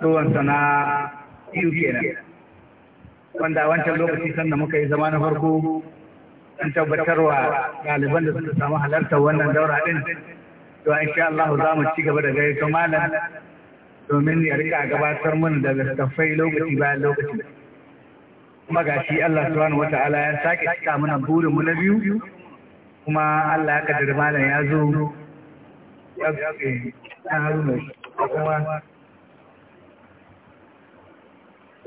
ruwansa na biyu kenan wanda a wancan lokaci sanda muka yi zama na farko an tabbatarwa ɗaliban da suka samu halartar wannan daura ɗin to sha Allah za mu ci gaba da to malam domin ya rika gabatar mana da littattafai lokaci bayan lokaci kuma shi Allah subhanahu wata'ala ya sake cika mana burin mu na biyu kuma Allah ya kaddara malam ya zo ya kuma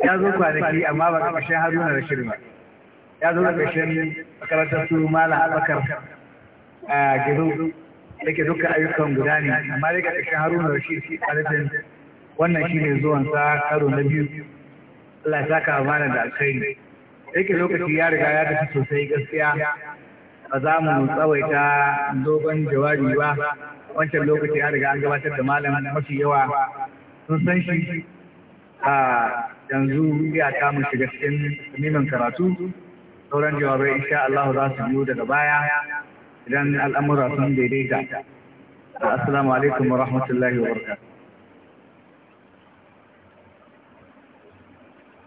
ya zo kwanaki amma ba ƙarshen haruna da shirma ya zo da ƙarshen makarantar su mala abakar a gizo da ke duka ayyukan guda ne amma daga ƙarshen haruna da shi ƙarfin wannan shi ne zuwan sa karo na biyu Allah ya saka amana da alkhairi Da ke lokaci ya riga ya tafi sosai gaskiya ba za mu tsawaita dogon jawabi ba wancan lokaci ya riga an gabatar da malam mafi yawa sun san shi a yanzu ya kama shiga cikin neman karatu sauran jawabai insha Allah za su biyo daga baya idan al'amura sun daidaita assalamu alaikum wa rahmatullahi wa barka.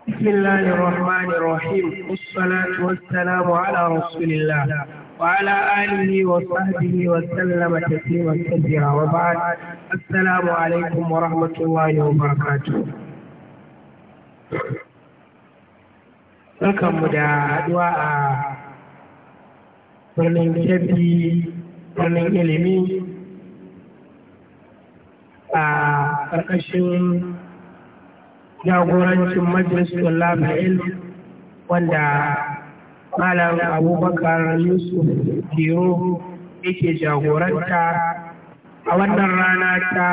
بسم الله الرحمن الرحيم والصلاة والسلام على رسول الله وعلى آله وصحبه وسلم تسليما كثيرا وبعد السلام عليكم ورحمة الله وبركاته Barkanmu da haɗuwa a birnin Kebbi, birnin ilimi a ƙarƙashin jagorancin majalisun labarin wanda Malam Abubakar Yusuf Diro yake jagoranta a wannan rana ta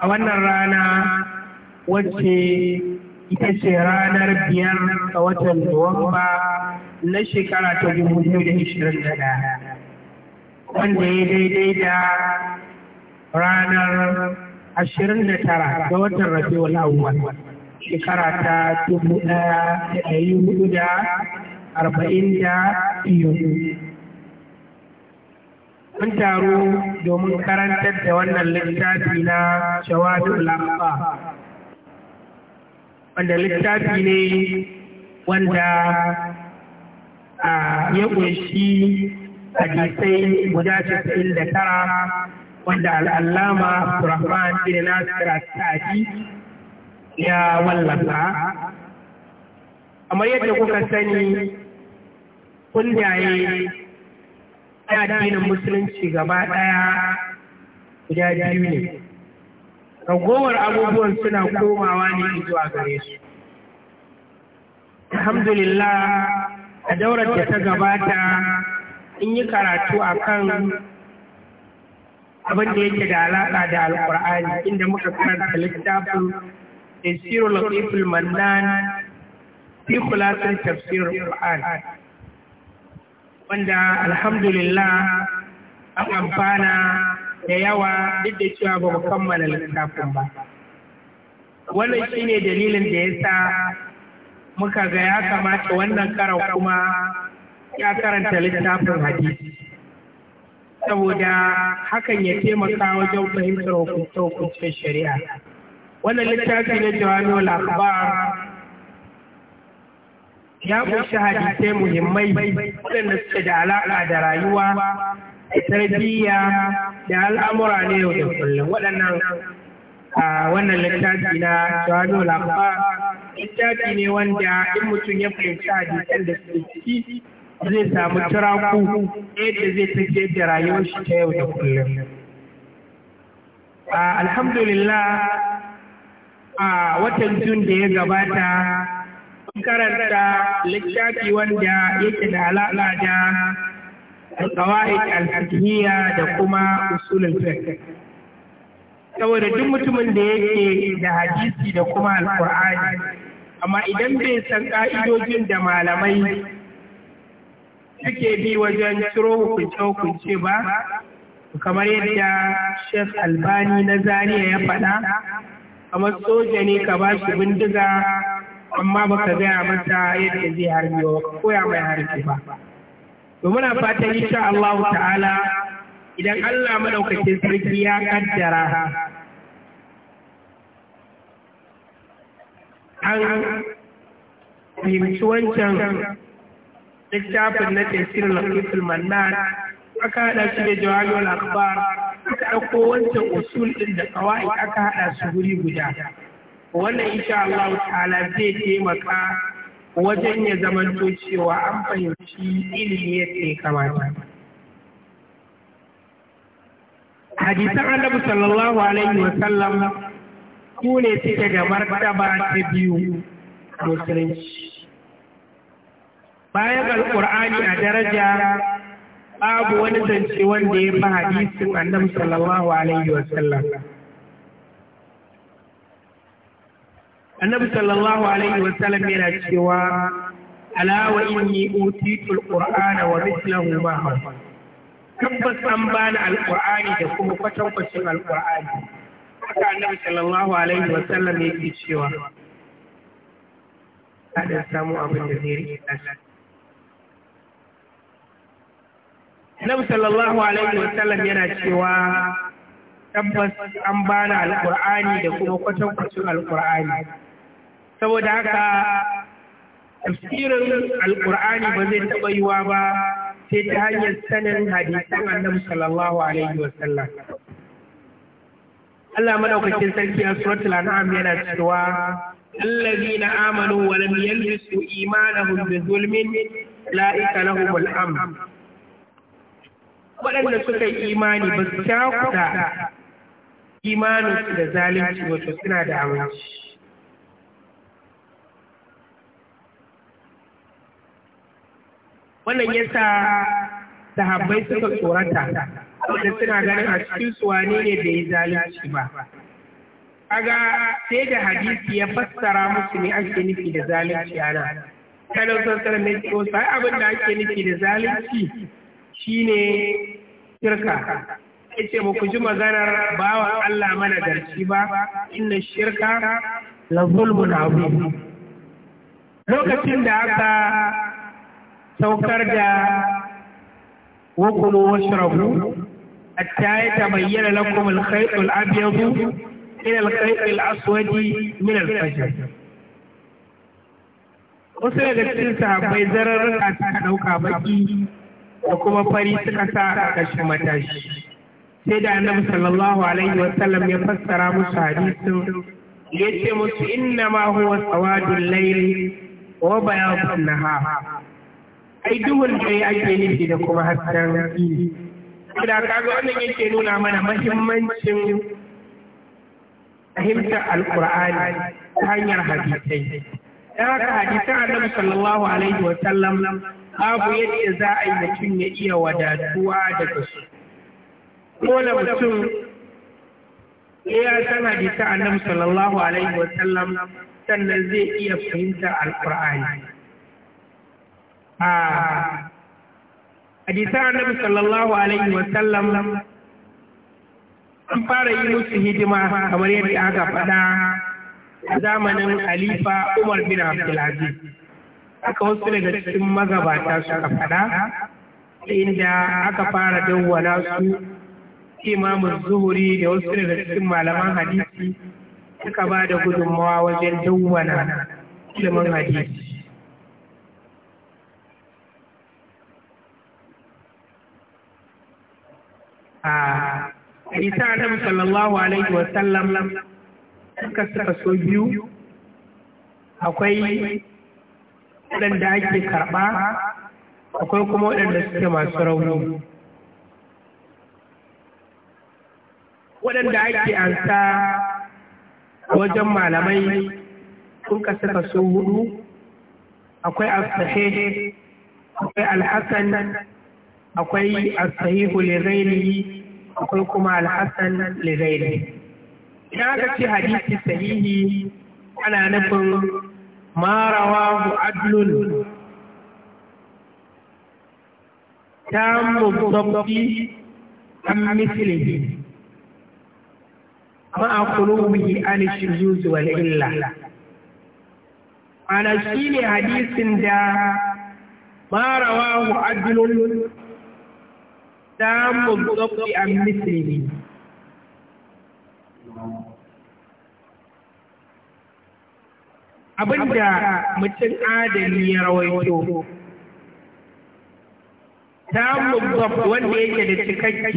a wannan rana wacce ita ce ranar biyar a watan Nuwamba na shekara ta dubu biyu da ishirin da ɗaya, wanda ya daidai da ranar ashirin da tara ga watan Rabiul Awwal shekara ta dubu ɗaya da ɗari hudu da arba'in da biyu. Mun taru domin karantar da wannan littafi na Shawadul Lafa wanda littafi ne wanda ya ƙunshi hadisai guda casa'in da tara wanda al'allama Abdurrahman bin Nasir Sa'adi ya wallafa. Amma yadda kuka sani kundaye addinin musulunci gaba ɗaya guda biyu ne. ragowar abubuwan suna komawa ne a gare su alhamdulillah a daurar da ta gabata in yi karatu akan abin da yake da alaƙa da alƙur'ani inda muka karanta littafin tafsirul latiful mannan fi khulasatin tafsirul qur'an wanda alhamdulillah an amfana da yawa duk da cewa ba mu kammala littafin ba wannan shi ne dalilin da ya sa muka ga ya kamata wannan karan kuma ya karanta littafin hadisi saboda hakan ya taimaka wajen fahimtar hukuncin shari'a wannan littafi na jawami'ul akhbar ya kunshi hadisai muhimmai waɗanda suke da alaƙa da rayuwa da tarbiyya da al'amura ne yau da kullum waɗannan a wannan littafi na shahadu lafa littafi ne wanda in mutum ya fahimci hadisan da suke ciki zai samu turaku yadda zai tafiyar da rayuwar shi ta yau da kullum alhamdulillah a watan jun da ya gabata karanta littafi wanda yake da alaƙa da alƙawa'id alfiqhiyya da kuma usulul fiqh saboda duk mutumin da yake da hadisi da kuma alƙur'ani amma idan bai san ƙa'idodin da malamai suke bi wajen ciro hukunce-hukunce ba kamar yadda Sheikh Albani na Zariya ya faɗa kamar soja ne ka ba shi bindiga amma baka gaya masa yadda zai harbi ba koya mai harbi ba to muna fatan insha Allah ta'ala idan Allah madaukakin sarki ya kaddara an fahimci wancan littafin na tafsirin lafisul mannan aka haɗa shi da jawabin akbar aka ɗauko wancan usul ɗin da kawai aka haɗa su guri guda wannan insha Allah ta'ala zai taimaka wajen ya zamanto cewa an fahimci ilimi yadda ya kamata hadisan annabi sallallahu alaihi wa sallam su ne suke da martaba ta biyu musulunci bayan alkur'ani a daraja babu wani zance wanda ya fi hadisin annabi sallallahu alaihi wa sallam annabi sallallahu alaihi wa sallam yana cewa ala wa inni utitu alqur'ana wa mithluhu ma'ahu tabbas an bani alqur'ani da kuma kwatankwacin alqur'ani haka annabi sallallahu alaihi wa sallam yake cewa kaɗan samu abin da zai riƙe ƙasa. Nabi sallallahu alaihi wa sallam yana cewa tabbas an bani alƙur'ani da kuma kwatankwacin alƙur'ani. saboda haka tafsirin alkur'ani ba zai taɓa yiwa ba sai ta hanyar sanin hadisan annabi sallallahu alaihi wa sallam Allah madaukakin sarki a suratul an'am yana cewa allazina amanu wa lam yalbisu imanahum bi zulmin la'ika lahum al-amn waɗanda suka yi imani ba su shakuta imaninsu da zalunci wato suna da aminci wannan yasa sahabbai suka tsorata wanda suna ganin a cikin suwane ne bai yi zalunci ba kaga sai da hadisi ya fassara musu ne ake nufi da zalunci ana kanan sassarar ne ko sai abin da ake nufi da zalunci shine shirka yace ba ku ji maganar bawa Allah mana garci ba inna shirka la zulmun lokacin da aka saukar da wakulu washrabu hatta ya tabayyana lakum al-khayt al-abyad ila al-khayt al-aswad min al-fajr wasu daga cikin sahabbai zararruka suka ɗauka baki da kuma fari suka sa a ƙarshen matashi sai da annabi sallallahu alaihi wa sallam ya fassara musu hadisin ya ce musu inna ma huwa sawadul layli wa bayadun nahar ai duhun da ya ake nufi da kuma hasken ini da kaga wannan yake nuna mana mahimmancin fahimtar alkur'ani ta hanyar hadisai Ya haka hadisan annabi sallallahu alaihi wa sallam babu yadda za a yi mutum ya iya wadatuwa daga su dole mutum ya san hadisan annabi sallallahu alaihi wa sallam sannan zai iya fahimtar alkur'ani a hadisan annabi sallallahu alaihi wasallam an fara yi musu hidima kamar yadda aka faɗa a zamanin Alifa Umar bin Abdulaziz. Aka wasu daga cikin magabata suka faɗa inda aka fara dawwana su imamun zuhuri da wasu daga cikin malaman hadisi suka ba da gudunmawa wajen dawwana ilimin hadisi. a hadisa sallallahu alaihi wa sallam suka suka so biyu akwai waɗanda ake karɓa akwai kuma waɗanda suke masu rauni waɗanda ake ansa wajen malamai sun suka so hudu akwai asahe akwai alhassan akwai asahihu lirainihi akwai kuma alhassan ligairi idan aka ce hadisi sahihi ana nufin marawa adlun ta mubabbi an mislihi ma'a kulubihi an shuzuz wal illa ana shine hadisin da marawa adlun samun tsofi a misiri abinda mutum adali ya rawaito samun tsofi wanda yake da cikakken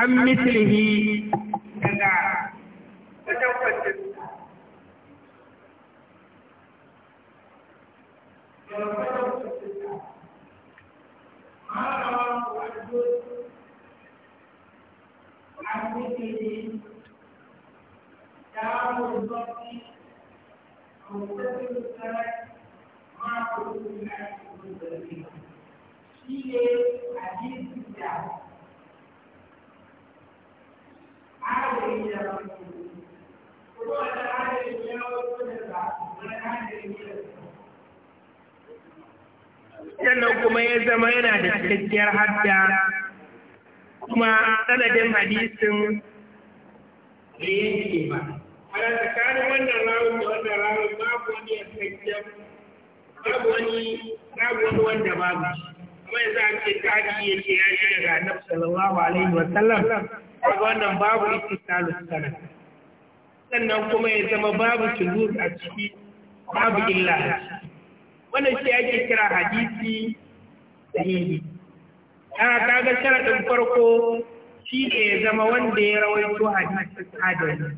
an misiri Thank you. عرف الجزء عن ذكره دار الضبط متصل السند مع حدود العلم المنزلين في حديث الدعوة عاد إلى رسول الله sannan kuma ya zama yana da cikakkiyar hadda kuma sanadin hadisin da yake ba a tsakanin wannan rawun da wannan rawun babu wani ya babu wani babu wani wanda babu kuma za a ce taji ya ce ya shi daga annabi sallallahu alaihi wa sallam kaga wannan babu istisalus sanad sannan kuma ya zama babu tulus a ciki babu illa a ciki wannan shi ake kira hadisi sahihi ana ah, kaga sharadin farko shi ne ya zama wanda ya rawaito hadisin adali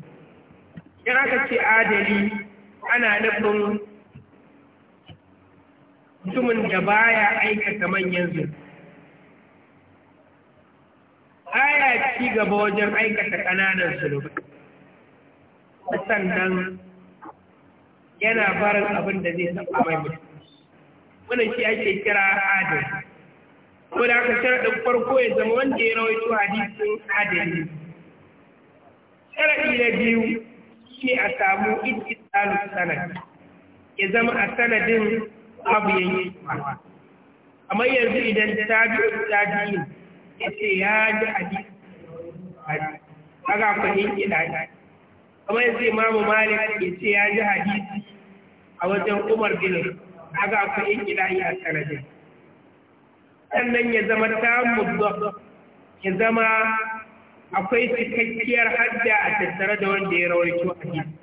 in aka ce adali ana nufin mutumin da baya aikata manyan zunubi baya ci gaba wajen aikata ƙananan zunubi sannan yana barin abin da zai taɓa mai mutum wannan shi ake kira adali ko da aka sharaɗin farko ya zama wanda ya rawaito hadisin adali sharaɗi na biyu shi a samu ittisalu sanad ya zama a sanadin abu yayi amma yanzu idan tabi'u tabi'in yace ya ji hadisi kaga ku yin kidaya amma yanzu imamu malik yace ya ji hadisi a wajen umar bin kaga akwai ilahi a sanadin sannan ya zama tamu ya zama akwai cikakkiyar hadda a tattare da wanda ya rawarci hadisi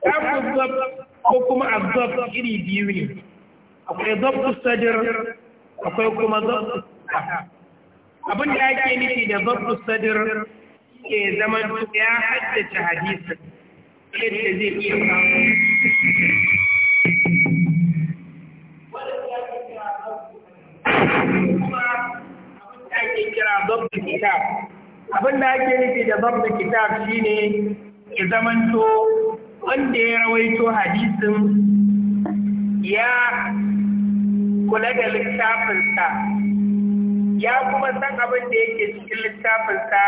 tamu ko kuma a abzab iri biyu ne akwai zabtu sadir akwai kuma zabtu abin da ake nufi da zabtu sadir ke zama ya haddace hadisin abin da ake kira da nufi da babu kitab shine ya zamanto wanda ya rawaito hadisin ya kula da littafinsa ya kuma san abin da yake cikin littafinsa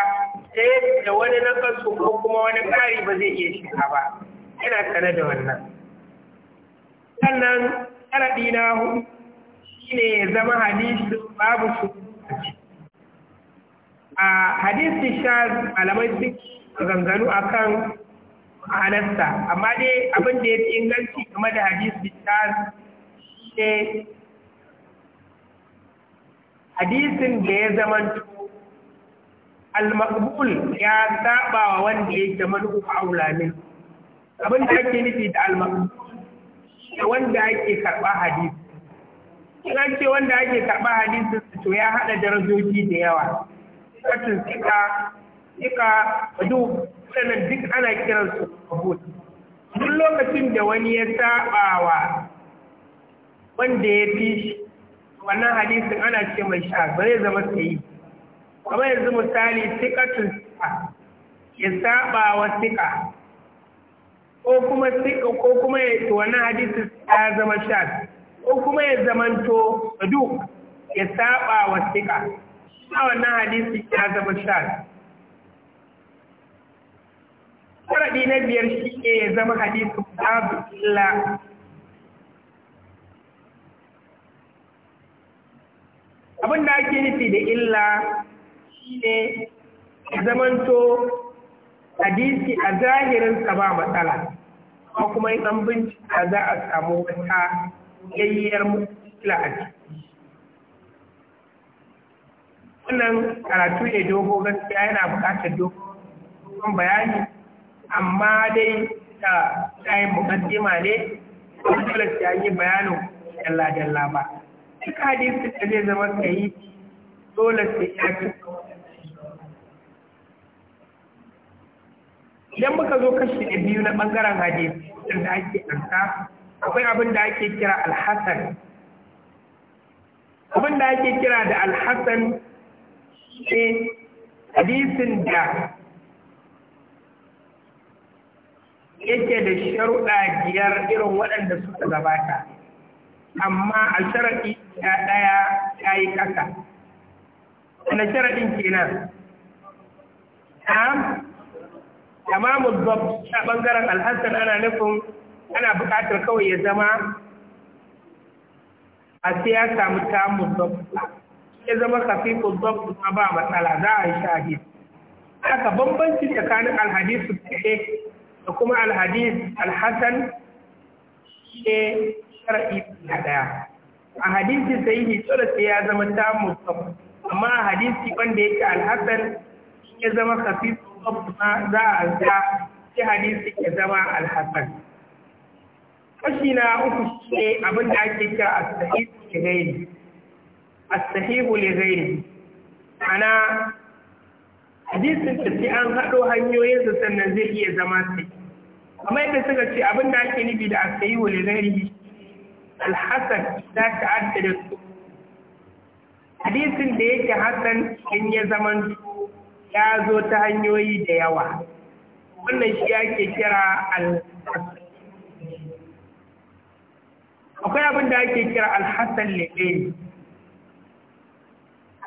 ta da wani nakasu ko kuma wani ƙari ba zai iya shiga ba yana tare da wannan sannan sharaɗi na hudu shine ya zama hadisi babu su a hadisi sha malamai duk ganganu akan halarsa amma dai abin da ya fi inganci game da hadisi sha ne hadisin da ya zama al-maqbul ya saba wa wanda yake manufa aula min abin da ake nufi da al-maqbul wanda ake karba hadisi ina ce wanda ake karba hadisi to ya hada darajoji da yawa katin sika sika duk sanan duk ana kiran su maqbul duk lokacin da wani ya saba wa wanda ya fi wannan hadisin ana ce mai sha bare zama sai kamar yanzu misali sikatun sika ya saba wa sika ko kuma sika ko kuma ya to hadisi ya zama shad ko kuma ya zamanto duk ya saba wa sika a wannan hadisi ya zama shad Karaɗi na biyar shi ke ya zama hadisu babu illa abin da ake nufi da illa shine zamanto hadisi a zahirin sa ba matsala ko kuma in an bincika za a samu wata yayyar mutsila a ciki wannan karatu ne dogo gaskiya yana buƙatar dogon bayani amma dai ta tsayin mukaddima ne dole sai yi bayanin dalla dalla ba duk hadisi da zai zama sahihi dole sai ya cika idan muka zo kashi da biyu na ɓangaren hadisi da ake ɗansa akwai abin da ake kira alhassan abin da ake kira da alhassan shi hadisin da yake da sharuɗa biyar irin waɗanda suka gabata amma a sharaɗi ya ɗaya ya yi ƙasa wanda sharaɗin kenan tamamu zuwa a bangaren alhassan ana nufin ana buƙatar kawai ya zama a siyasa ya samu ya zama kafifu bab kuma ba matsala za a yi shahid haka bambanci tsakanin alhadisu take da kuma alhadis alhassan ke shar'i na ɗaya a hadisi yi tsoro sai ya zama tamu bab amma a hadisi wanda yake alhassan ya zama kafif za a za shi hadisi ya zama alhassan kashi na uku shi ne abin da ake kira a sahihu li ghairi a sahihu li ghairi ana hadisin da an haɗo hanyoyinsa sannan zai iya zama sai amma yadda suka ce abin da ake nufi da a sahihu li za ta hasan da su hadisin da yake hassan in ya su. ya zo ta hanyoyi da yawa wannan shi ake kira al-hassan akwai abin da ake kira al-hassan liɗe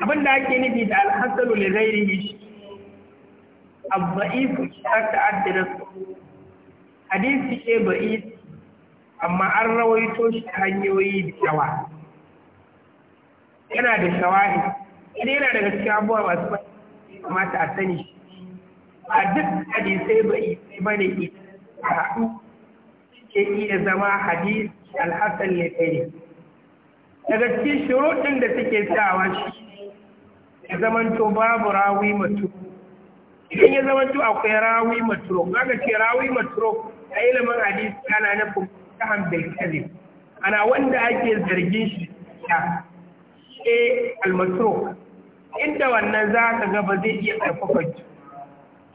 abin da ake nufi da al-hassan liɗe shi abba'ifu ta ta'addada su hadisi ke ba'is amma an rawaito shi ta hanyoyi da yawa yana da shawahi idan yana daga cikin abubuwa masu kamata a sani a duk hadisai ba isi mana ita a haɗu ke iya zama hadis alhassan ne kai daga cikin shiruɗin da suke sawa shi ya zamanto babu rawi mutum idan ya zamanto akwai rawi mutum kaga ce rawi mutum a ilimin hadisi ana nufin tahan bilkazin ana wanda ake zargin shi ta ce eh, almatruk inda wannan za ka ga ba zai iya ƙarfafa ki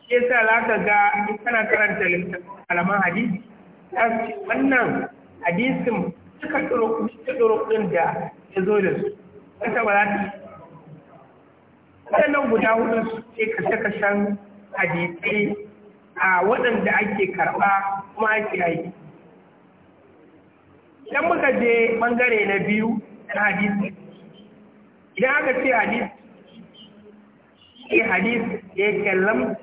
shi yasa za ka ga in kana karanta kalaman hadisi za su ce wannan hadisin suka ɗoro ɗin da ya zo da su wata ba za ta waɗannan guda hudu su ce kashe-kashen hadisi a waɗanda ake karɓa kuma ake aiki idan muka je ɓangare na biyu na hadisi idan aka ce hadisi في حديث يتكلم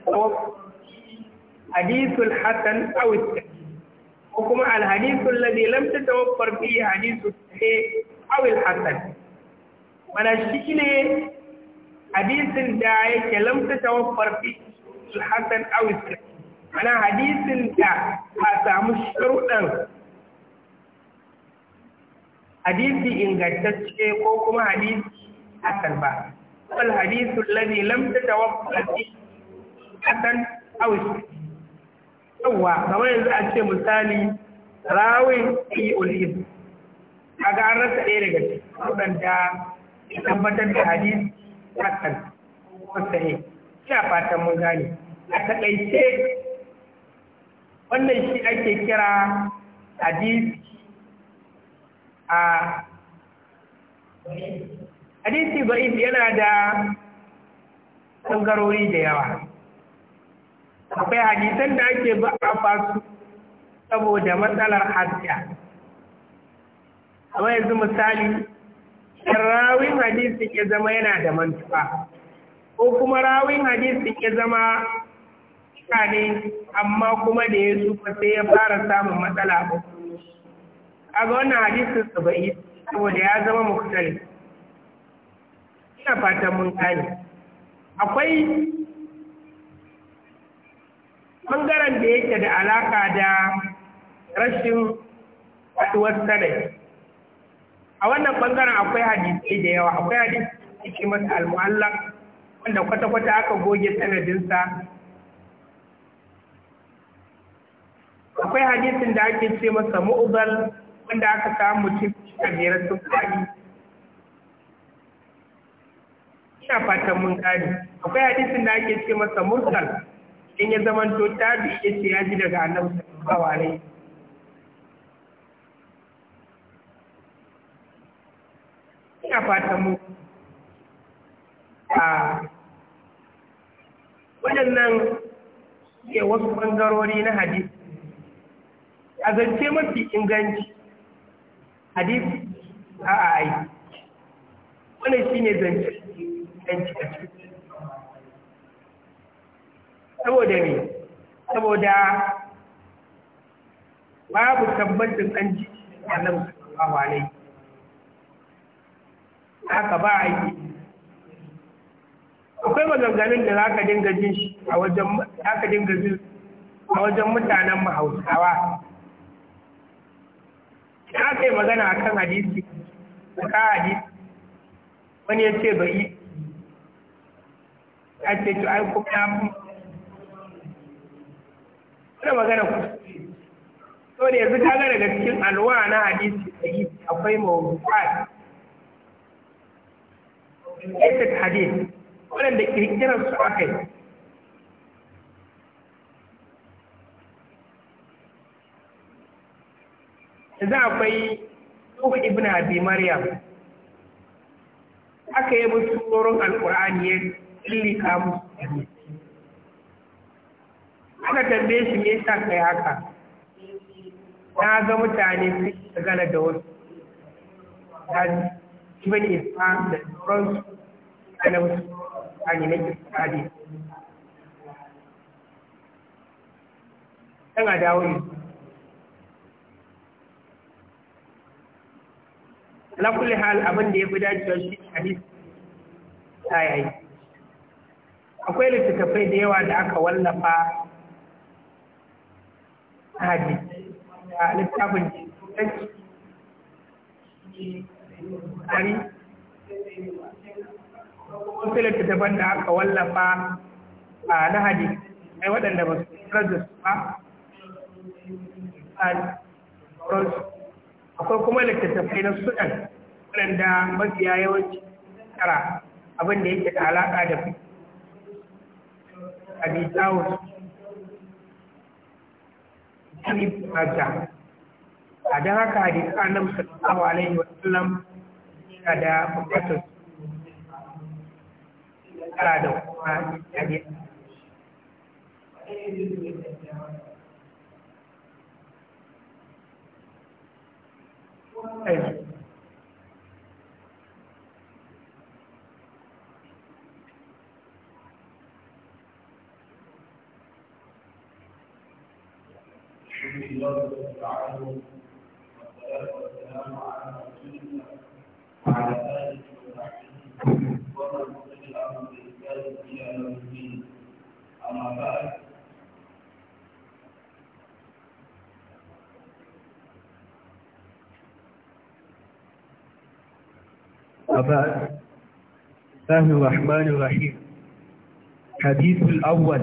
حديث الحسن أو السعيد وكما الحديث الذي لم تتوفر فيه حديث الصحيح أو الحسن وانا شيني hadisin da yake lamta tawaffar fi al-hasan aw ana hadisin da a samu sharuɗan hadisi ingantacce ko kuma hadisi ba والحديث الذي لم تتوقع فيه حسن أو yawa kamar yanzu a ce misali rawin fi ulhib a ga an rasa ɗaya daga cikin da ya tabbatar da hadis hakan wata ne ina fatan mun gani. a taƙaice wannan shi ake kira hadis a hadisi da'if yana da ɓangarori da yawa akwai hadisan da ake ba'afa su saboda matsalar hajja a yanzu misali rawin hadisin ya zama yana da mantuwa ko kuma rawin hadisin ya zama ne amma kuma da ya zuwa sai ya fara samun matsala a ga wannan hadisin saba'i saboda ya zama muktali ina fata mun gane akwai ɓangaren da yake da alaka da rashin haɗuwar sanai a wannan ɓangaren akwai hadisi da yawa akwai hadisi ciki masa al-mu'allaq wanda kwata-kwata aka goge sanadinsa akwai hadisin da ake ce masa mu'uzal wanda aka samu cikin kajerar sun ina fatan mun gane akwai hadisin da ake ce masa mursal in ya to tabi ce ya ji daga annabi sallallahu alaihi ina fatan mu a ah, wannan ke wasu ɓangarori na hadisi a zance mafi inganci hadisi a a aiki wannan shine zance saboda ne saboda babu tabbatin an ji a nan a alaihi haka ba a yi akwai maganganun da za ka dinga jin shi a wajen za dinga jin a wajen mutanen mahausawa na kai magana a kan hadisi da ka hadisi wani ya ce bai a ce to ai ku na mu ina magana ku to ne yanzu ka ga daga cikin alwa na hadisi sai akwai mawdu'at aikat hadith waɗanda kirkirar su aka yi yanzu akwai Nuhu ibn Abi Maryam aka yi musu tsoron Alƙur'ani ya kamu musu aka tambaye shi me yasa kai haka na ga mutane sun shagala da wasu daji ibn isfan da sauransu da na wasu sani na isfadi dan a dawo yi Na kulle hal abin da ya fi dacewa shi hadisi ta yayi akwai littattafai da yawa da aka wallafa a hadisi a littafin tsari wasu littattafan da aka wallafa a na hadisi ai waɗanda ba su kira da su ba akwai kuma littattafai na sudan waɗanda mafiya yawanci tara abin da yake da alaƙa da fi أبي داود ابن ماجه ada haka di annabi sallallahu alaihi wasallam ada da ada tsara jadi Thank you. بسم الله والصلاة والسلام على رسول الله وعلى آله وصحبه ومن إلى أما بعد الله الرحمن الرحيم حديث الأول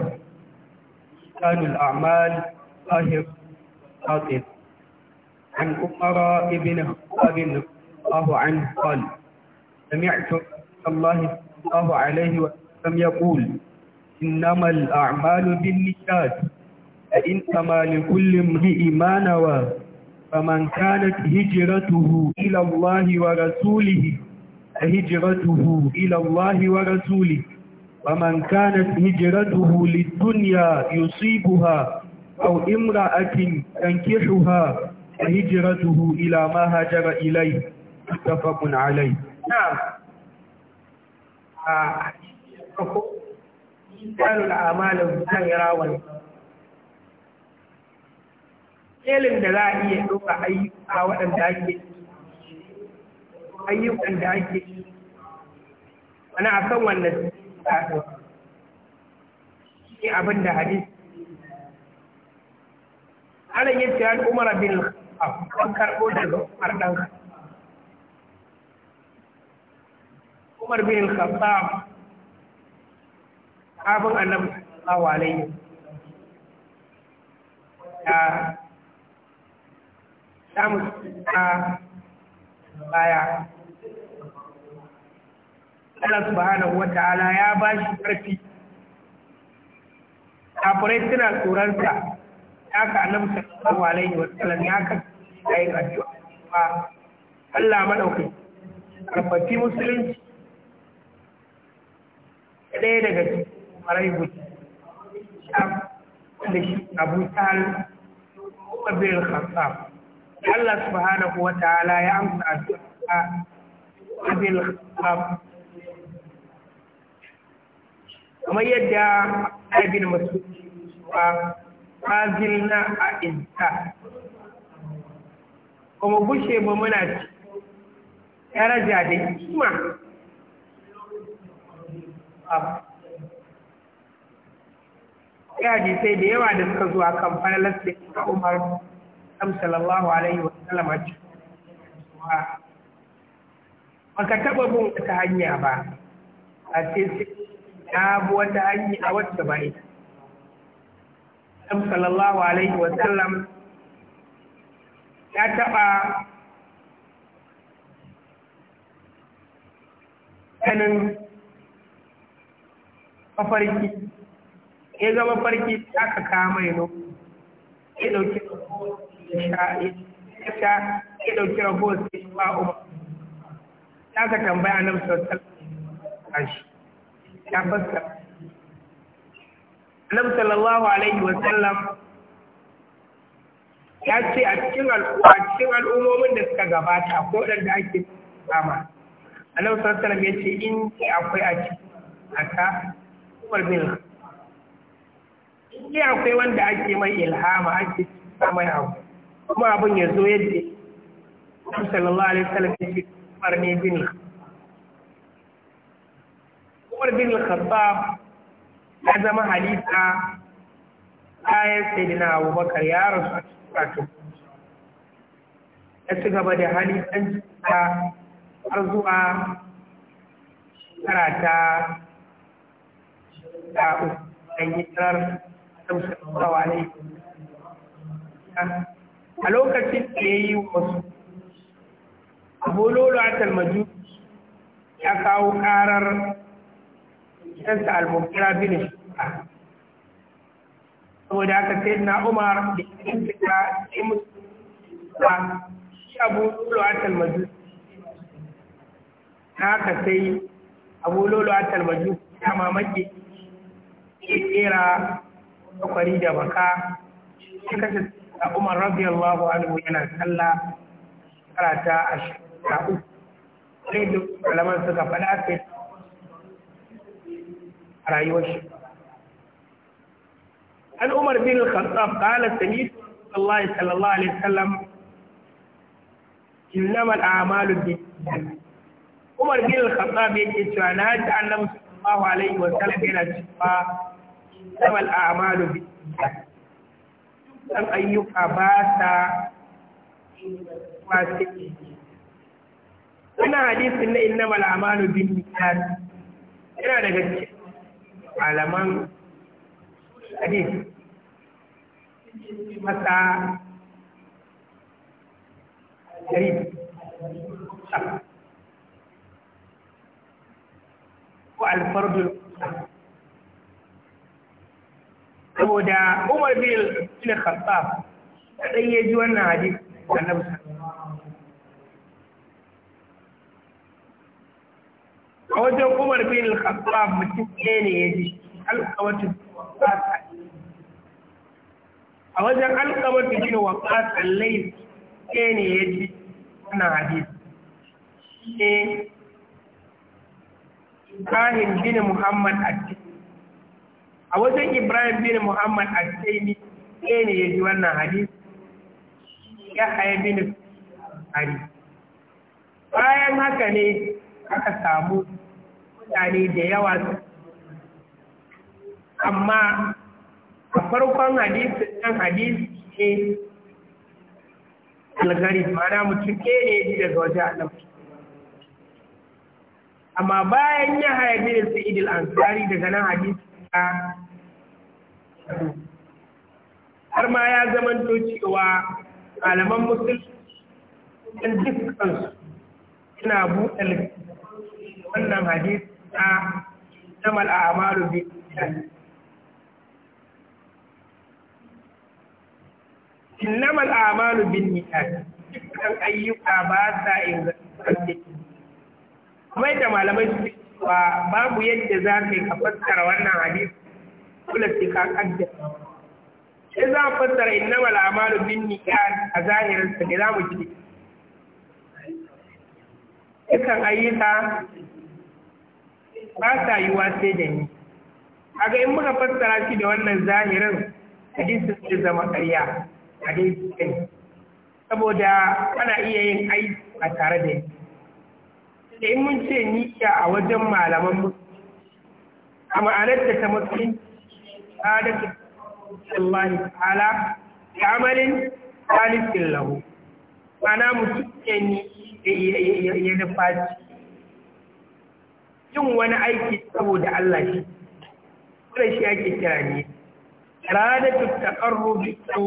كان الأعمال طاهر خاطب عن أمراء بن خطاب رضي الله عنه قال سمعت الله صلى الله عليه وسلم يقول إنما الأعمال بالنشاد فإنما لكل امرئ ما نوى فمن كانت هجرته إلى الله ورسوله فهجرته إلى الله ورسوله ومن كانت هجرته للدنيا يصيبها أو امرأة تنكحها هجرته إلى ما هاجر إليه اتفق عليه نعم إنسان الأعمال الظاهرة kelin da za a iya ɗauka ayyuka waɗanda ake ayyukan da ake wani a kan wannan ne abin da hadisi ana yin ta yan umar bin an karɓo daga umar ɗan umar bin khattab kafin annabi sallallahu alaihi ya samu ta baya Allah subhanahu wa ta'ala ya ba shi ƙarfi kafirai suna tsoronsa haka annabi sallallahu alaihi wa sallam ya kasance yayin addu'a Allah madaukai karfafi musulunci ɗaya daga cikin marai guji da shi abu tal kuma bin khattab Allah subhanahu wa ta'ala ya amsa addu'a abin khattab kamar yadda ya abin masu cewa fazil na a inta kuma gushe ba muna ci daraja da kima ya sai da yawa da suka zuwa kan falalas da kika umar sallallahu alaihi wa sallam a cikin baka taba bin wata hanya ba a ce na bi wata hanya a wacce ba ita Ɗan sallallahu alaihi wa sallam ya taɓa ganin mafarki ya ga mafarki farki ka kama yano ya ɗauki ya sha ya ɗauki rahoto sai shi ba umar ya ka tambaya na musamman ta wa sallam ya fassara annabi sallallahu alaihi wa sallam ya ce a cikin al'ummomin da suka gabata ko da ake kama annabi sallallahu alaihi ya ce in ce akwai a cikin aka kuma bin in akwai wanda ake mai ilhama ake mai abu kuma abin ya zo yadda annabi sallallahu alaihi wa sallam ya ce kuma ne bin umar bin khattab ya zama halifa bayan abu abubakar ya rasu a cikin kato ya ci gaba da halittanci ta har zuwa shekara ta da ɗan hijirar sallallahu ne a lokacin da ya yi wasu abu lolo a talmaju ya kawo ƙarar gidansa al-mukira bin to saboda haka sai na umar da yin fita sai musu ba shi abu lolowa talmaju na haka sai abu lolowa talmaju ya mamaki ya kera kwakwari da baka shi kasa da umar radiyallahu anhu yana sallah karata a shekara uku sai da kalaman suka faɗa sai rayuwar shi an umar bin al-khattab qala sami'tu Allah sallallahu alaihi wasallam innamal a'malu binniyat Umar bin al-Khattab yake cewa na ji Annabi sallallahu alaihi wasallam yana cewa innamal a'malu binniyat dan ayyuka ba sa wasi wannan hadisin na innamal a'malu binniyat yana daga cikin malaman tadi masa dari ko alfardul saboda umar bin al-khattab kadai ya ji wannan hadisi annabi a wajen umar bin al-khattab mutum ɗaya ne ya ji alƙawatin waqasa a wajen alƙawatin bin waqasa lai ɗaya ne ya ji wannan hadisi ne eh, Ibrahim bin Muhammad Atti a wajen Ibrahim bin Muhammad Atti ɗaya ne ya ji wannan hadisi ya haya bin Hari bayan haka ne aka samu mutane da yawa amma a farkon hadisun nan hadisi ne algari mana mutum ke ne ji daga waje Allah amma bayan ya hayabi da sa'id al-ansari daga nan hadisi ta har ma ya zamanto cewa malaman musulmi dukkan suna buɗe wannan hadisi a namal a bi innamal amalu bin niyyat dukkan ayyuka ba sa ingantacce kuma yadda malamai su cewa babu yadda za ka yi ka fassara wannan hadisi kula sai ka ayyuka ba sa yiwa sai da ni ga in muka fassara shi da wannan zahirin hadisin zai zama ƙarya hadisi ne, saboda ana iya yin aiki a tare da ni da in mun ce niyya a wajen malaman mu a ma'anar da ta da sadatu Allah ta'ala da amalin salisin lahu mana mutum ya nufaci yin wani aiki saboda Allah shi kuma shi ake kira ne iradatu taqarrub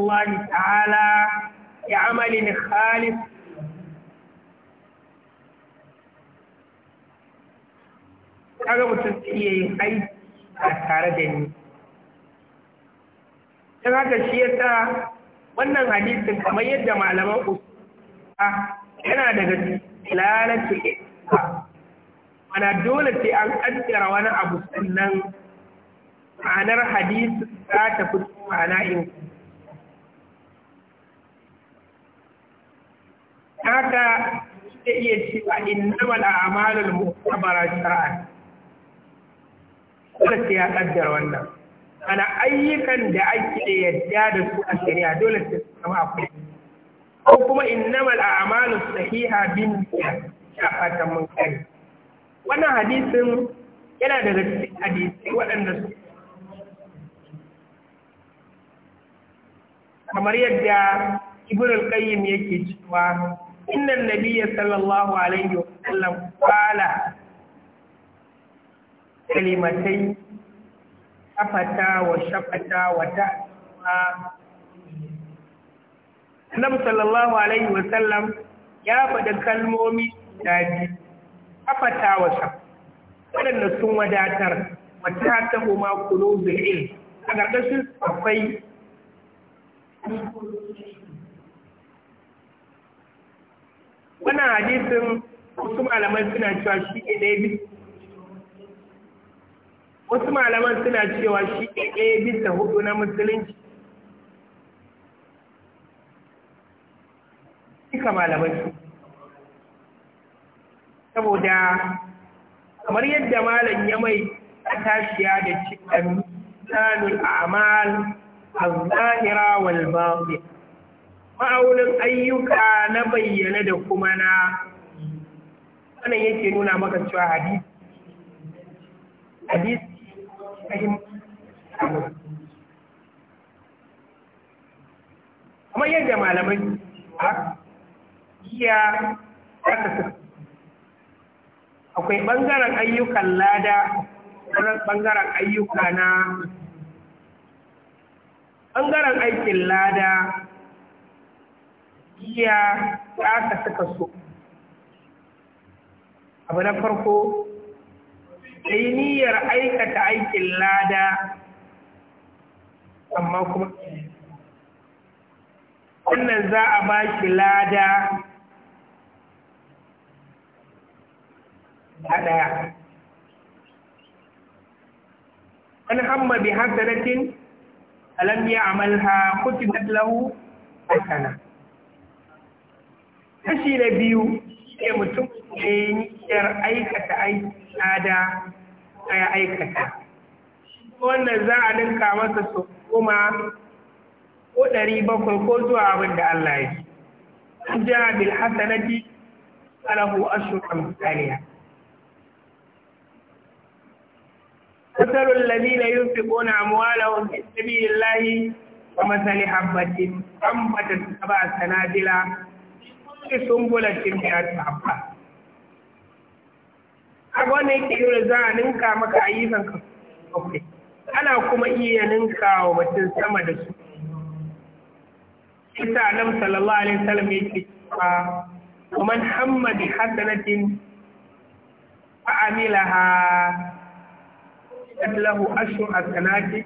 wani ta'ala bi amalin khalis kaga mutum iya yin aiki a tare da ni don haka shi yasa wannan hadisin kamar yadda malaman usul ah, yana daga lalata ba ana dole sai an kaddara wani abu sannan ma'anar hadisi za ta fito ma'ana in haka ta iya cewa innamal al'amalul mu'tabara shar'an dole sai ya kaddara wannan ana ayyukan da ake yadda da su a shari'a dole sai su zama akwai ko kuma innamal a'malus sahiha bin ya fatan mun kai wannan hadisin yana daga cikin hadisi waɗanda su kamar yadda ibn al-qayyim yake cewa inna an-nabiyya sallallahu alaihi wa sallam qala kalimatai afata wa shafata wa ta'ma Annabi sallallahu alaihi wa sallam ya faɗi kalmomi da biyu afata sa waɗanda sun wadatar wata ta huma kuno zuhin a ƙarƙashin akwai wannan hadisin wasu malaman suna cewa shi ne ɗaya wasu malaman suna cewa shi ne ɗaya ta hudu na musulunci duka malamai su saboda kamar yadda malam ya mai tashiya da cikin tanul amal al-zahira wal batin ma'aunin ayyuka na bayyana da kuma na wannan yake nuna maka cewa hadisi hadisi kamar yadda malamai a iya aka akwai ɓangaren ayyukan lada ɓangaren ayyuka na ɓangaren aikin lada iya ƙasa suka so abu na farko da niyyar aikata aikin lada amma kuma wannan za a ba shi lada ɗaya wani hamma bi hasanatin alam ya amalha kutibat lahu hasana kashi na biyu shine mutum ne yar aikata aiki tsada ya aikata wannan za a ninka masa su kuma ko ɗari bakwai ko zuwa abin da Allah ya ji. An ja alahu ashru amsaliya. مثل الذين ينفقون أموالهم في سبيل الله ومثل حبة أنبتت سبع سنابل في سنبلة مئة حبة abuwa ne yake yi za a ninka maka ayyukanka bakwai ana kuma iya ninka wa mutum sama da su isa annabi sallallahu alaihi wasallam yake cewa wa man hamma bi hasanatin fa katlahu ashru askanati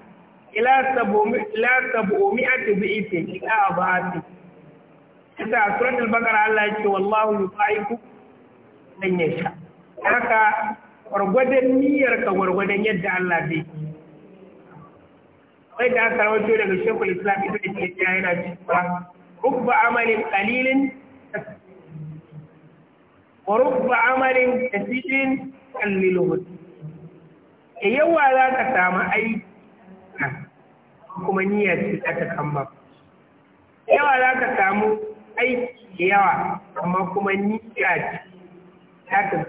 ila sabumi ila sabumi atbi'ati ila abati ita suratul baqara Allah yake wallahu yusaiku dan yasha haka gwargwadon niyyar ka gwargwadon yadda Allah zai yi sai da aka rawaito daga shekul islam ibn taymiya yana cewa rubba amalin qalilin wa rubba amalin kasirin qalliluhu e yawa za ka samu aiki kuma niyyar ce za ta kamba yawa za ka samu aiki da yawa amma kuma niyyar ce za ta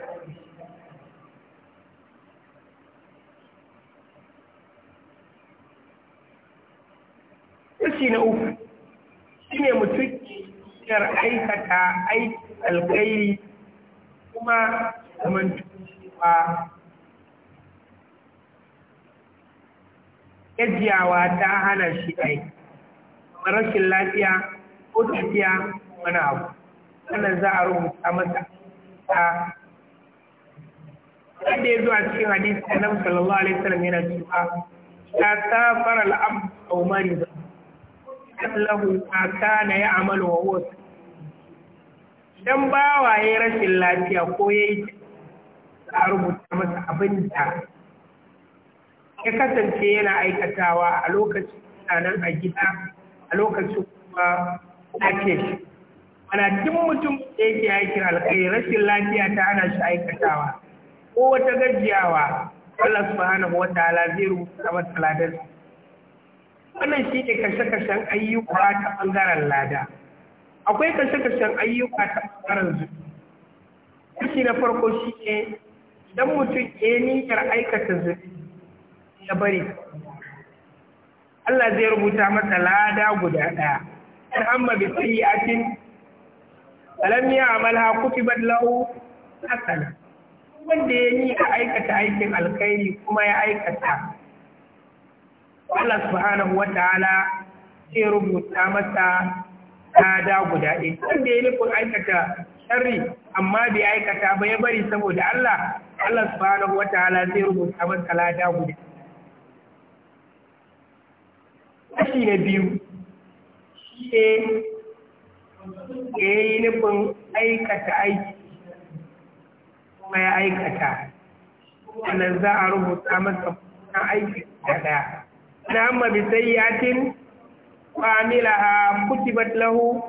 Kashi na uku shi ne mutum yar aikata aiki alkairi kuma zamantu ba gajiyawa ta hana shi aiki rashin lafiya ko tafiya wani abu wannan za a rubuta masa a wanda ya zuwa cikin hadisi da nan sallallahu alaihi wasallam yana cewa ta safar al'abdu a umari ba lahu ta kana ya amalu wa huwa idan bawa ya rashin lafiya ko ya yi a rubuta masa abin da ya kasance yana aikatawa a lokacin nan a gida a lokacin kuma ake shi ana duk mutum da yake aikin alkai rashin lafiya ta ana shi aikatawa ko wata gajiyawa Allah subhanahu wa ta'ala zai rubuta masa ladan wannan shi ne kashe-kashen ayyuka ta ɓangaren lada akwai kashe-kashen ayyuka ta ɓangaren zuci kashi na farko shi ne idan mutum ya niyyar aikata zuci ya bari Allah zai rubuta masa lada guda ɗaya in amma bi sayyi'atin alam ya'malha kutibat lahu hasana wanda ya yi a aikata aikin alkhairi kuma ya aikata Allah subhanahu wa ta'ala zai rubuta masa lada guda ɗaya wanda ya yi nufin aikata sharri amma bai aikata ba ya bari saboda Allah Allah subhanahu wa ta'ala zai rubuta masa lada guda ɗaya kashi na biyu shi ne ya yi nufin aikata aiki kuma ya aikata wannan za a rubuta masa na aiki da daya na amma sai ya bisayyatin fa'amilaha kutibat lahu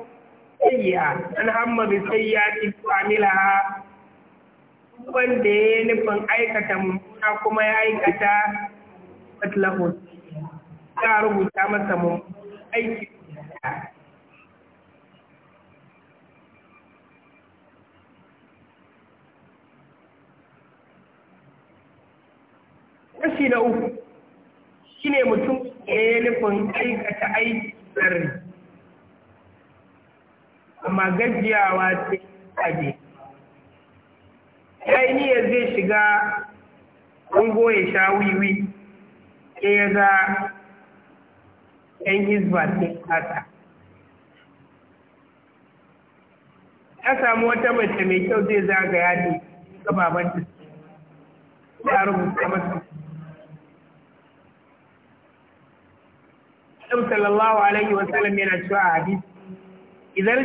sayya an amma sai ya hamma bisayyatin fa'amilaha wanda ya yi nufin aikata mummuna kuma ya aikata kutibat lahu za a rubuta masa mun aiki kashi na uku shi ne mutum ya yi nufin aikata aiki sarri amma gajiyawa ce aje ya yi niyyar zai shiga ungo ya sha wiwi ke ya za 'yan hizba sun ƙasa. ya samu wata mace mai kyau zai zagaya ne ga babanta ya rubuta masa Adam sallallahu alaihi wasallam yana cewa a hadisi idan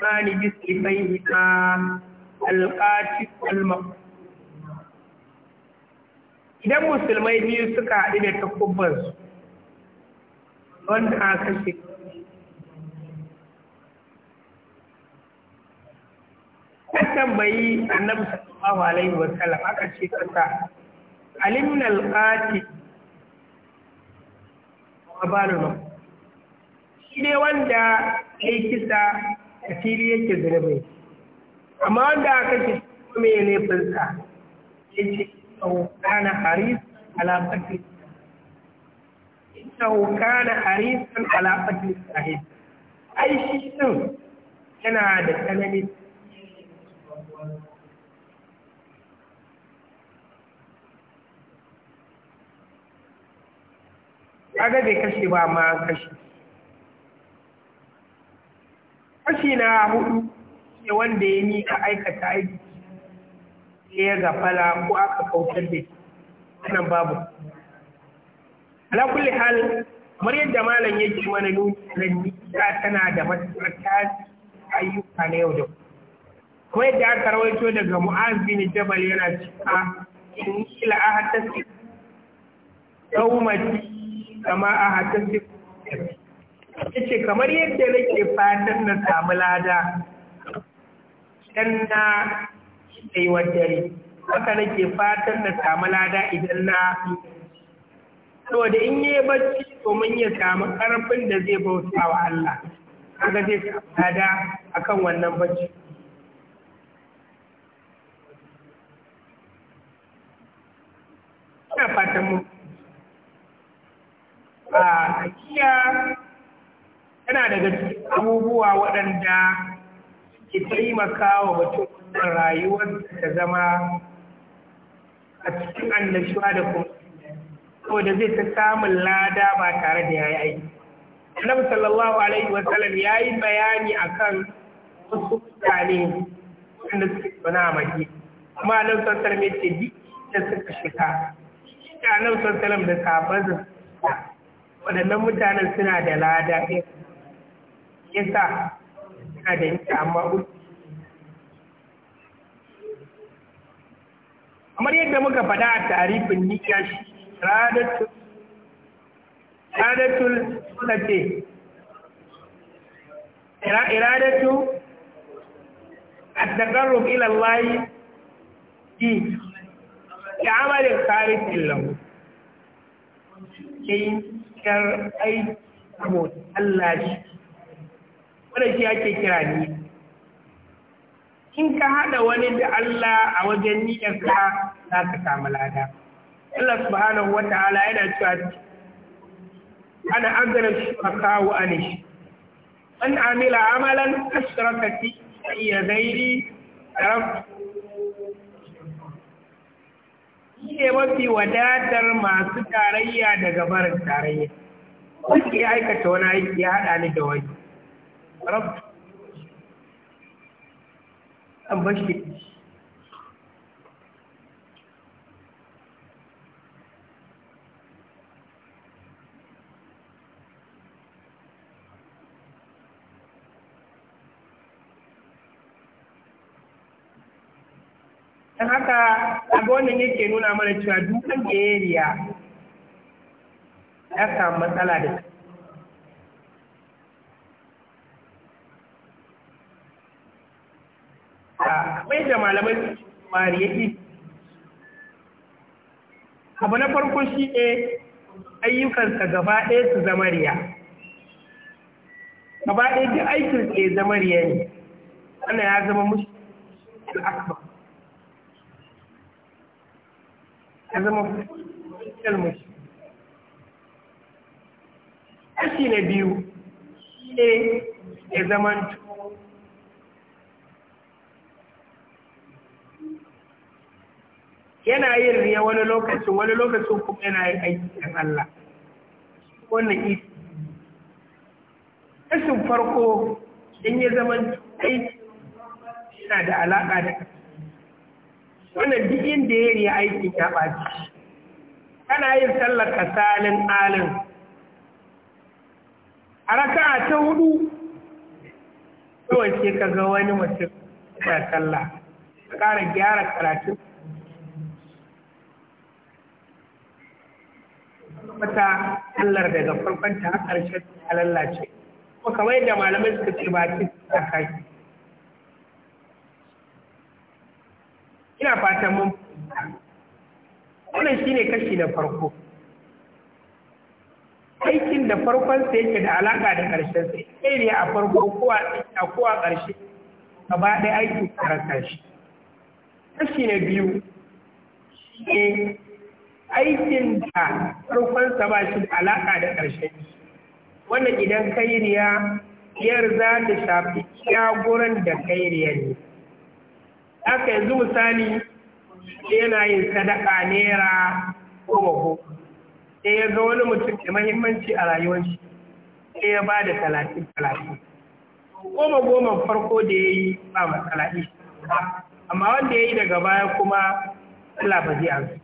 ta ni bi sifaihi ma al almaq idan musulmai biyu suka haɗu da takubbansu wanda a kashe an tambayi annabi sallallahu alaihi wa sallam aka ce kasa alimin alƙati a nan. shi ne wanda ya yi kisa a fili yake zunubai amma wanda aka ce kuma mai laifinsa ya ce ɗana haris alaƙatin innahu kana harisan ala qatl sahib ai shi din yana da tsanani kaga bai kashe ba ma kashe kashi na hudu ne wanda ya yi ka aikata aiki ya gafala ko aka kautar da shi wannan babu ala kulli hal kamar yadda malam yake mana nuni ta tana da matuƙar ta ayyuka na yau da ko yadda aka rawaito daga mu'az bin jabal yana cewa in ila ahatasi qaumati kama ahatasi yace kamar yadda nake fatan na samu lada dan na kai wa dare haka nake fatan na samu lada idan na saboda in yi bacci domin ya samu ƙarfin da zai bauta wa Allah kaga zai samu a akan wannan bacci ina fatan mu a akiya yana daga cikin abubuwa waɗanda ke taimaka wa mutum rayuwar ta zama a cikin annashuwa da kuma saboda zai ta samun lada ba tare da yayi aiki annabi sallallahu alaihi wa sallam yayi bayani akan wasu mutane wanda suke zaune a madina kuma annabi sallallahu alaihi wa sallam ya ce da suka shiga da annabi sallallahu alaihi wa sallam da sahabbansa waɗannan mutanen suna da lada ɗin yasa suna da yanki amma kamar yadda muka faɗa a tarifin niyya shi iradatul sunnace iradatu at-taqarrub ila Allah bi amalin kharij lahu abu Allah shi wanda shi ake kira ni in ka haɗa wani da Allah a wajen niyyarka za ka samu lada Allah subhanahu wa ta'ala yana cewa ana agana shuraka wa anish an amila amalan ashraka fi ya zairi taraf ne mafi wadatar masu tarayya daga barin tarayya wanda ya aikata wani aiki ya hada ni da wani rabu an bashi don haka abu wannan yake nuna mana cewa dukkan da ya ya samu matsala da kamar da malamai mari yake abu na farko shi ne ayyukansa gaba ɗaya su zama riya gaba ɗaya duk aikin ya zama riya ne wannan ya zama mushi al'akbar ya biyu yana yin riya wani lokacin wani lokacin kuma yana yin aiki da Allah wannan isi kashin farko in ya zama aiki yana da alaƙa da wannan duk inda ya riya aikin ya ɓaci kana yin sallar kasalin alin a raka a ta hudu kawai ka ga wani mutum ba sallah ka ƙara gyara karatun mata sallar daga farkon ta har ƙarshen ta lalace kuma kamar yadda malamai suka ce ba ta kai ina fatan mun wannan shine kashi na farko aikin da farkon sa yake da alaka da karshen sa kai a farko ko a ko a karshe gaba ɗaya aiki karanta shi kashi na biyu shine aikin da farkon sa ba shi da alaka da karshen shi wannan idan kai riya yar za ta shafi iya gurin da kai riya ne haka yanzu misali yana yin sadaka naira goma ko sai ya ga wani mutum da mahimmanci a rayuwar shi sai ya ba da talatin talatin goma goma farko da ya yi ba matsala amma wanda ya yi daga baya kuma Allah ba zai amsa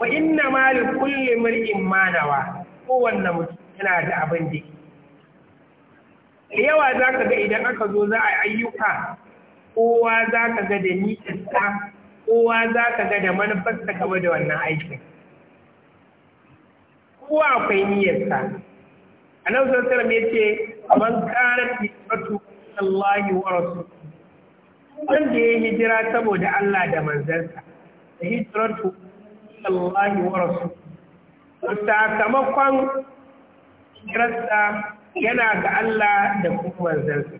wa inna ma li kulli mar'in ma nawa kowanne mutum yana da abin da yake da yawa za ka ga idan aka zo za a yi ayyuka kowa za ka ga da nitinsa kowa za ka ga da manufarsa game da wannan aikin kowa akwai niyarsa a nan sun mai ce a man karar hijiratu Allahi wa rasu wanda ya hijira saboda Allah da manzansa da hijiratu Allahi wa rasu sakamakon hijirarsa yana ga Allah da kuma manzansa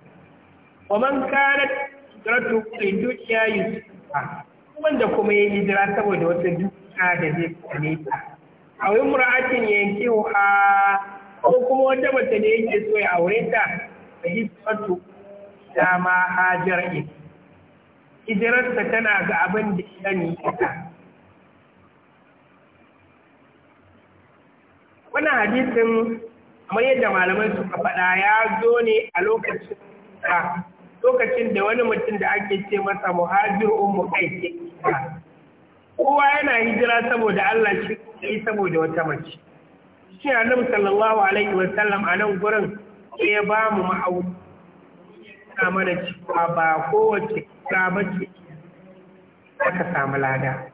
wa man kana hijratu li yi yusufa wanda kuma ya hijira saboda wata dukiya da zai kone ta a wani muratun yanki wa ko kuma wata mace da yake so ya aure ta da ta ma hajar ita hijirarsa tana ga abin da ya ne ita wannan hadisin kamar yadda malaman suka faɗa ya zo ne a lokacin da lokacin da wani mutum da ake ce masa muhajir ummu kai kowa yana hijira saboda Allah shi kai saboda wata mace shi annabi sallallahu alaihi wa sallam a nan gurin ya ba mu ma'auni na mana cewa ba kowace kira bace aka samu lada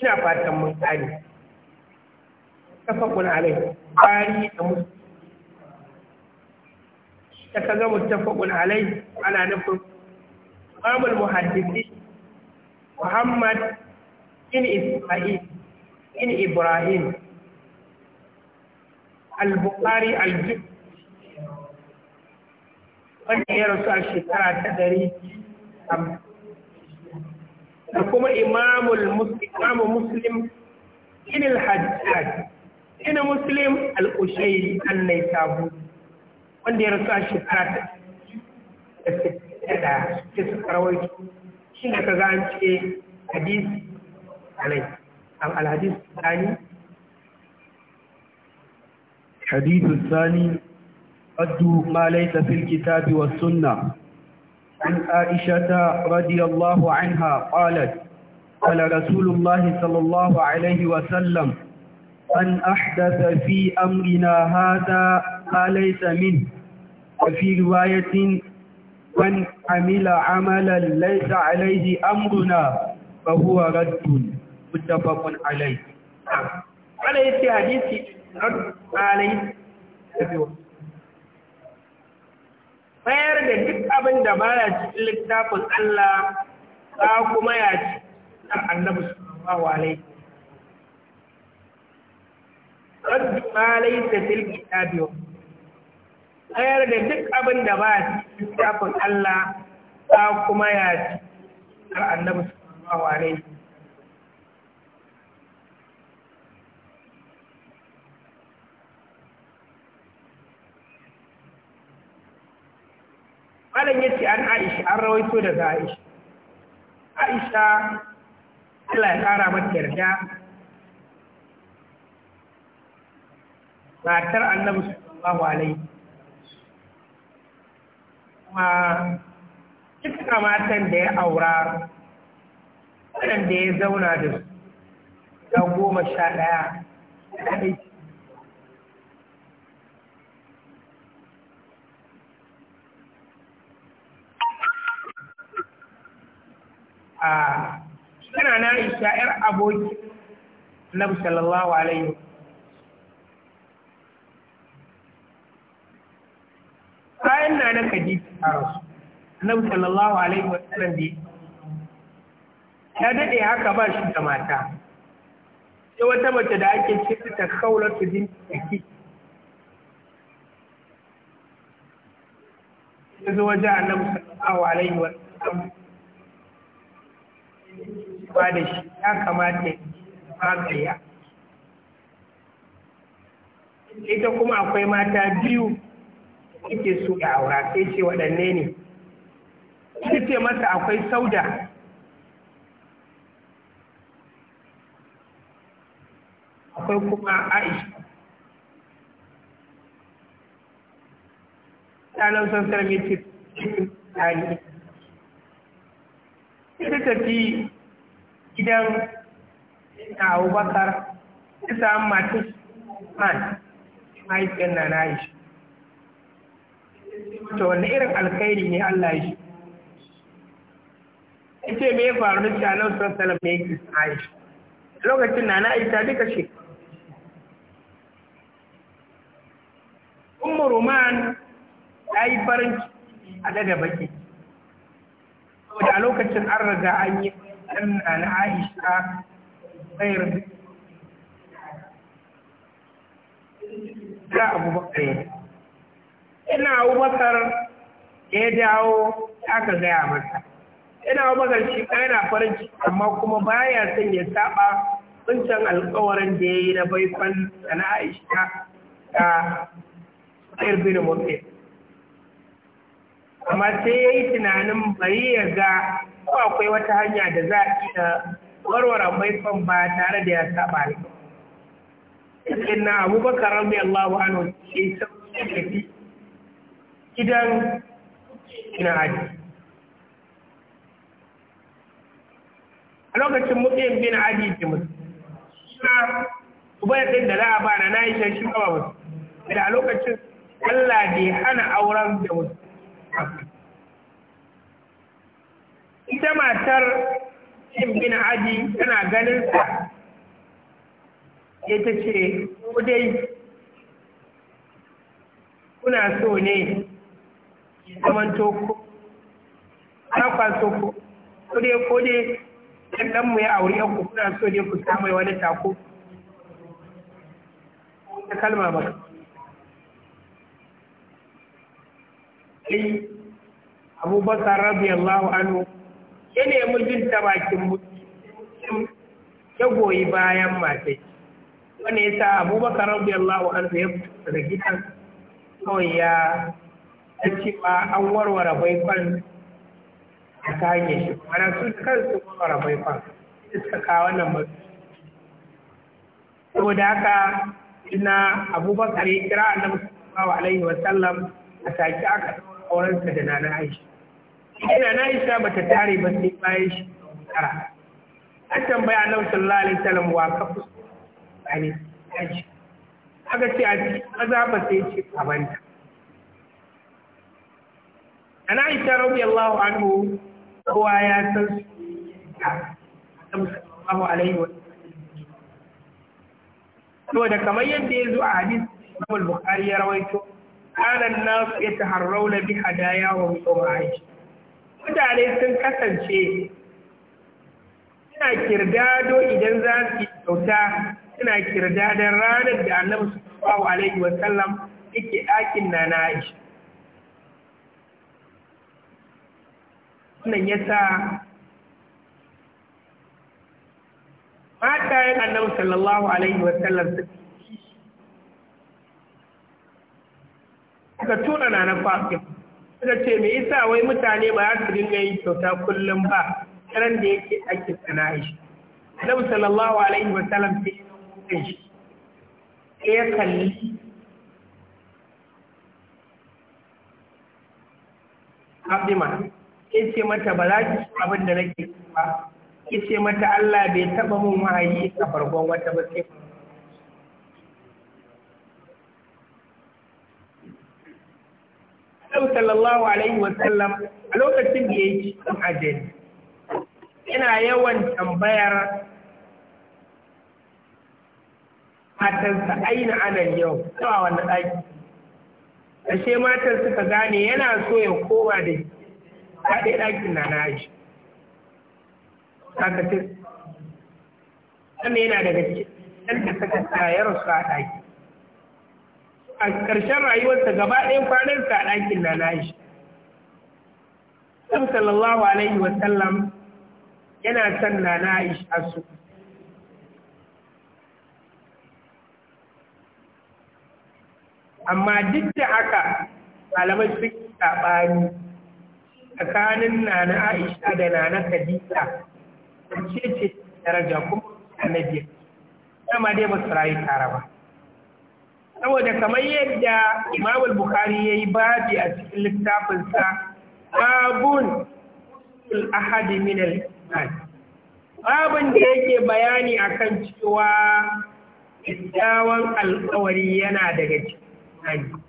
ina fatan mun tsari tafakun alai bari da musu? da ka ga muttafaqun alai ana nufin imamul muhaddisi Muhammad in Isma'il in Ibrahim al-Bukhari al wanda ya rasu a shekara ta ɗari da kuma imamul muslim in al-hajjaj in muslim al-ushairi an-naisabuti wanda ya rasu a shekara ta da ta shi ne ka an ce alai الحديث الثاني الحديث ما ليس في الكتاب والسنة عن عائشة رضي الله عنها قالت قال رسول الله صلى الله عليه وسلم أن أحدث في أمرنا هذا ما ليس منه وفي رواية من عمل عملا ليس عليه أمرنا فهو رد متفق عليه عليه حديث رد mayar da duk abin da ba ya cikin littafin Allah ba kuma ya ci na annabi sallallahu alaihi ba ma laysa fil kitabi tsayar da duk abin da ba littafin Allah ta kuma ya ci har annabi sallallahu alaihi Malam yace an Aisha an rawaito daga Aisha Aisha Allah ya ƙara mata yarda matar annabi sallallahu alaihi a duka matan da ya aura waɗanda ya zauna da su da goma sha ɗaya a ah, suna na isha 'yar aboki na sallallahu alaihi bayan na na kaji a rasu annabi sallallahu alaihi wasallam da ya dade haka ba shi da mata sai wata mace da ake ce ta kaulatu din taki ya zo wajen annabi sallallahu alaihi wasallam ba da shi ya kamata ya kaya ita kuma akwai mata biyu yake so ya aura sai ce waɗanne ne sai ce masa akwai sauda akwai kuma aisha sanan son sarmi ce tsari sai tafi gidan na abubakar ta samu matu man mahaifiyar na na aisha to wani irin alkhairi ne Allah ya shi ce me ya faru da sun salam ne yake sa'ayi lokacin na na aita duka shi ummu roman ta yi farin a daga baki saboda a lokacin an riga an yi ɗan na na aisha tsayar da abubakar ina abubakar da ya dawo aka gaya masa ina abubakar shi na farin ciki amma kuma baya son ya saba wancan alkawarin da ya yi na baikon da na aisha da irbin mutum amma sai ya yi tunanin bari ya ga ko akwai wata hanya da za a iya warware baikon ba tare da ya saba alkawarin. Inna Abubakar Rabi Allahu Anhu ke sauƙi da fi idan ina aji a lokacin mutum bin aji ke mutu suna ubayar da za'a ba na na yi shan shi kama mutu da a lokacin Allah da ya hana auren da mutu ita matar cin bin aji tana ganin sa ya ta ce ko dai kuna so ne zamanto ko ba so ko dai ko dai dan dan mu ya aure ku kuna so dai ku samu wani tako ta kalma ba sai abubakar radiyallahu anhu ya nemi jin ta bakin mutum ya goyi bayan matai wanda ya sa abubakar radiyallahu anhu ya fito daga gidan kawai ya ta cewa an warware baikon a kage shi mana sun kansu warware baikon iska kawo wannan ba saboda haka ina abubakar ya kira annabi sallallahu alaihi wa sallam a saki aka ɗaura aurensa da nana aisha ina na aisha ba ta tare ba sai bayan shi tara an tambaya annabi sallallahu alaihi wa sallam wa ka fuskanta ne aisha aka ce a cikin maza ba sai ce kabanta ana aisha radiyallahu anhu kowa ya san su da sallallahu alaihi wa saboda kamar yadda ya zo a hadisi Imam Bukhari ya rawaito kana ya nas yataharrawna bi hadaya wa mutama'ij mutane sun kasance suna kirdado idan za su kyauta suna kirdadar ranar da Annabi sallallahu alaihi wa sallam yake ɗakin na na Aisha wannan ya sa mata yin annabi sallallahu alaihi wasallam suka suka tuna na na fatim suka ce me yasa wai mutane ba za su dinga yin kyauta kullum ba karan da yake ake tsana shi annabi sallallahu alaihi wa wasallam sai ya shi sai ya kalli Abdi Mahmud ya ce mata ba za ki abin da nake ba ya ce mata Allah bai taɓa mun wahayi a farkon wata ba sai Annabi sallallahu alaihi wa sallam a lokacin da yake cikin ajali yana yawan tambayar matansa aina anan yau zuwa wani ɗaki ashe matan suka gane yana so ya koma da ta ɗaya ɗakin na na aji haka ce wannan yana daga cikin da suka tsayar su a ɗaki a ƙarshen rayuwarsa gaba ɗayan kwanarsa a ɗakin na na aji Sam sallallahu alaihi wa sallam yana son na na Aisha su. Amma duk da haka malamai sun yi saɓani tsakanin nana aisha da nana khadija ce ce daraja kuma annabi amma dai ba su rayu tare ba saboda kamar yadda imam al-bukhari yayi babi a cikin littafinsa babun al ahad min al-iman babun da yake bayani akan cewa kyakkyawan alkawari yana daga cikin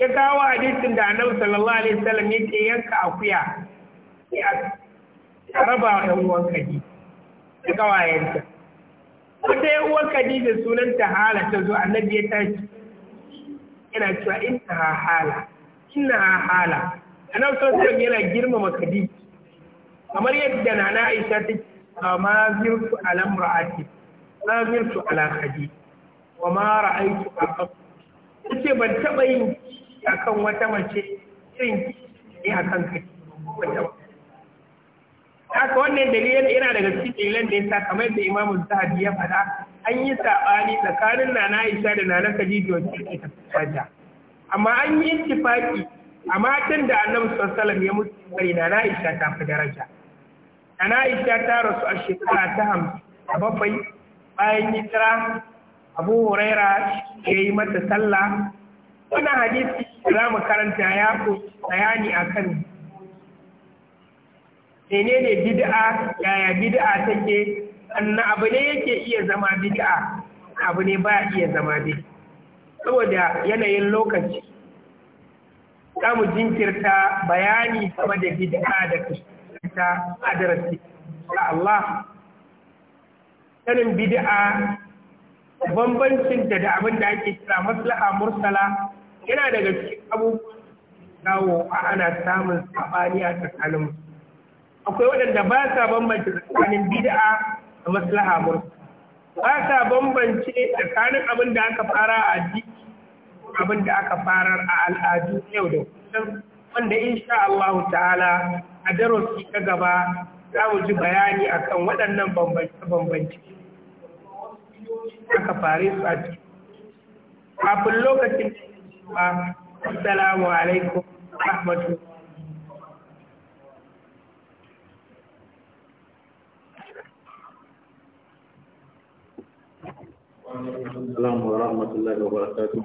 ya kawo hadisin da annabi sallallahu alaihi wasallam yake yanka akuya ya raba wa ɗan uwan kaji da yanka wata yan uwan kadi da sunan ta hala ta zo annabi ya tashi yana cewa inna ha hala inna ha hala annabi sallallahu alaihi wasallam yana girmama kadi kamar yadda nana Aisha take ma zirtu ala imra'ati ma zirtu ala kadi wa ma ra'aytu aqab ce ban taɓa yin kan wata mace irin ne a kan kai wata haka wannan dalilin yana daga cikin dalilan da ya sa kamar da imamu zahabi ya faɗa an yi saɓani tsakanin nana aisha da nana khadija wacce ke tafiya amma an yi intifaki a matan da annabi sallallahu ya mutu bari nana aisha ta fi daraja nana aisha ta rasu a shekara ta hamsin a bakwai bayan tsira, abu huraira ya yi mata sallah wannan hadisi za mu karanta ya ku bayani akan menene bid'a yaya bid'a take annan abu ne yake iya zama bid'a abu ne ba iya zama bid'a saboda yanayin lokaci za mu jinkirta bayani game da bid'a da ta adarasi insha Allah sanin bid'a bambancin da abin da ake kira maslaha mursala yana daga cikin abubuwan dawo a ana samun sabani a tsakanin akwai waɗanda ba sa bambance tsakanin bid'a da maslaha mur ba sa bambance tsakanin abin da aka fara a addini abin da aka fara a al'adu yau da kullum wanda insha Allah ta'ala a darasi ta gaba za mu ji bayani akan waɗannan bambance-bambance aka fare su a cikin kafin lokacin da kuwa assalamu alaikum wa السلام ورحمة الله وبركاته